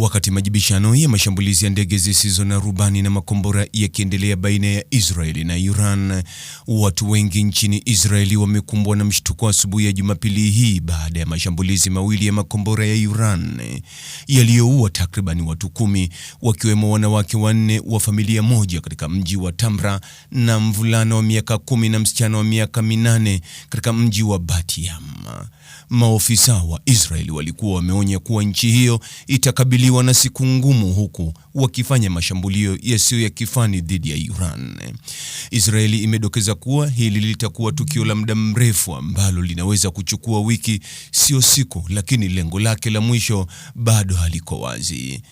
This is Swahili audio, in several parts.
Wakati majibishano ya mashambulizi ya ndege zisizo na rubani na makombora yakiendelea baina ya Israeli na Iran, watu wengi nchini Israeli wamekumbwa na mshtuko asubuhi ya Jumapili hii baada ya mashambulizi mawili ya makombora ya Iran yaliyoua takriban watu kumi, wakiwemo wanawake wanne wa familia moja katika mji wa Tamra na mvulana wa miaka kumi na msichana wa miaka minane katika mji wa batiam Maofisa wa Israel walikuwa wameonya kuwa nchi hiyo itakabiliwa na siku ngumu, huku wakifanya mashambulio yasiyo ya kifani dhidi ya Iran. Israeli imedokeza kuwa hili litakuwa tukio la muda mrefu ambalo linaweza kuchukua wiki, sio siku, lakini lengo lake la mwisho bado haliko wazi.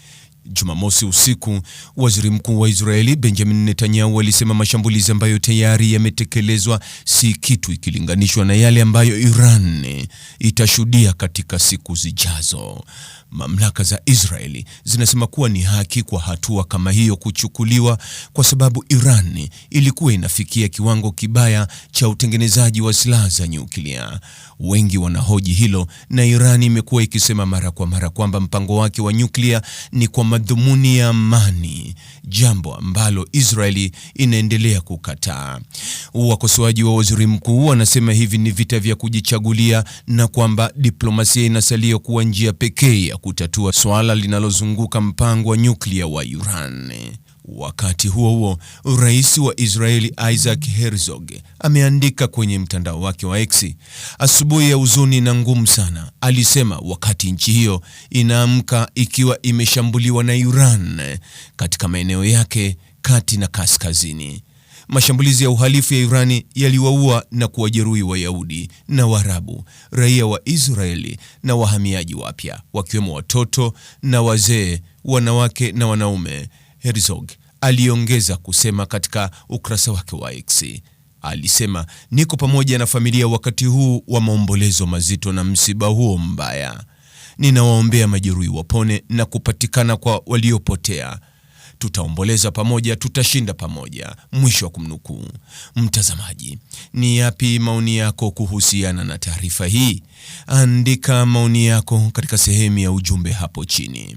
Jumamosi usiku, Waziri Mkuu wa Israeli Benjamin Netanyahu alisema mashambulizi ambayo tayari yametekelezwa si kitu ikilinganishwa na yale ambayo Iran itashuhudia katika siku zijazo. Mamlaka za Israeli zinasema kuwa ni haki kwa hatua kama hiyo kuchukuliwa kwa sababu Iran ilikuwa inafikia kiwango kibaya cha utengenezaji wa silaha za nyuklia. Wengi wanahoji hilo, na Iran imekuwa ikisema mara kwa mara kwamba mpango wake wa nyuklia ni kwa madhumuni ya amani, jambo ambalo Israeli inaendelea kukataa. Wakosoaji wa waziri mkuu wanasema hivi ni vita vya kujichagulia na kwamba diplomasia inasalia kuwa njia pekee ya kutatua swala linalozunguka mpango wa nyuklia wa Iran. Wakati huo huo, rais wa Israeli Isaac Herzog ameandika kwenye mtandao wake wa X, asubuhi ya huzuni na ngumu sana, alisema wakati nchi hiyo inaamka ikiwa imeshambuliwa na Iran katika maeneo yake kati na kaskazini. Mashambulizi ya uhalifu ya Irani yaliwaua na kuwajeruhi Wayahudi na Waarabu, raia wa Israeli na wahamiaji wapya, wakiwemo watoto na wazee, wanawake na wanaume Herzog aliongeza kusema katika ukurasa wake wa X. Alisema, niko pamoja na familia wakati huu wa maombolezo mazito na msiba huo mbaya. Ninawaombea majeruhi wapone na kupatikana kwa waliopotea. Tutaomboleza pamoja, tutashinda pamoja. Mwisho wa kumnukuu. Mtazamaji, ni yapi maoni yako kuhusiana na taarifa hii? Andika maoni yako katika sehemu ya ujumbe hapo chini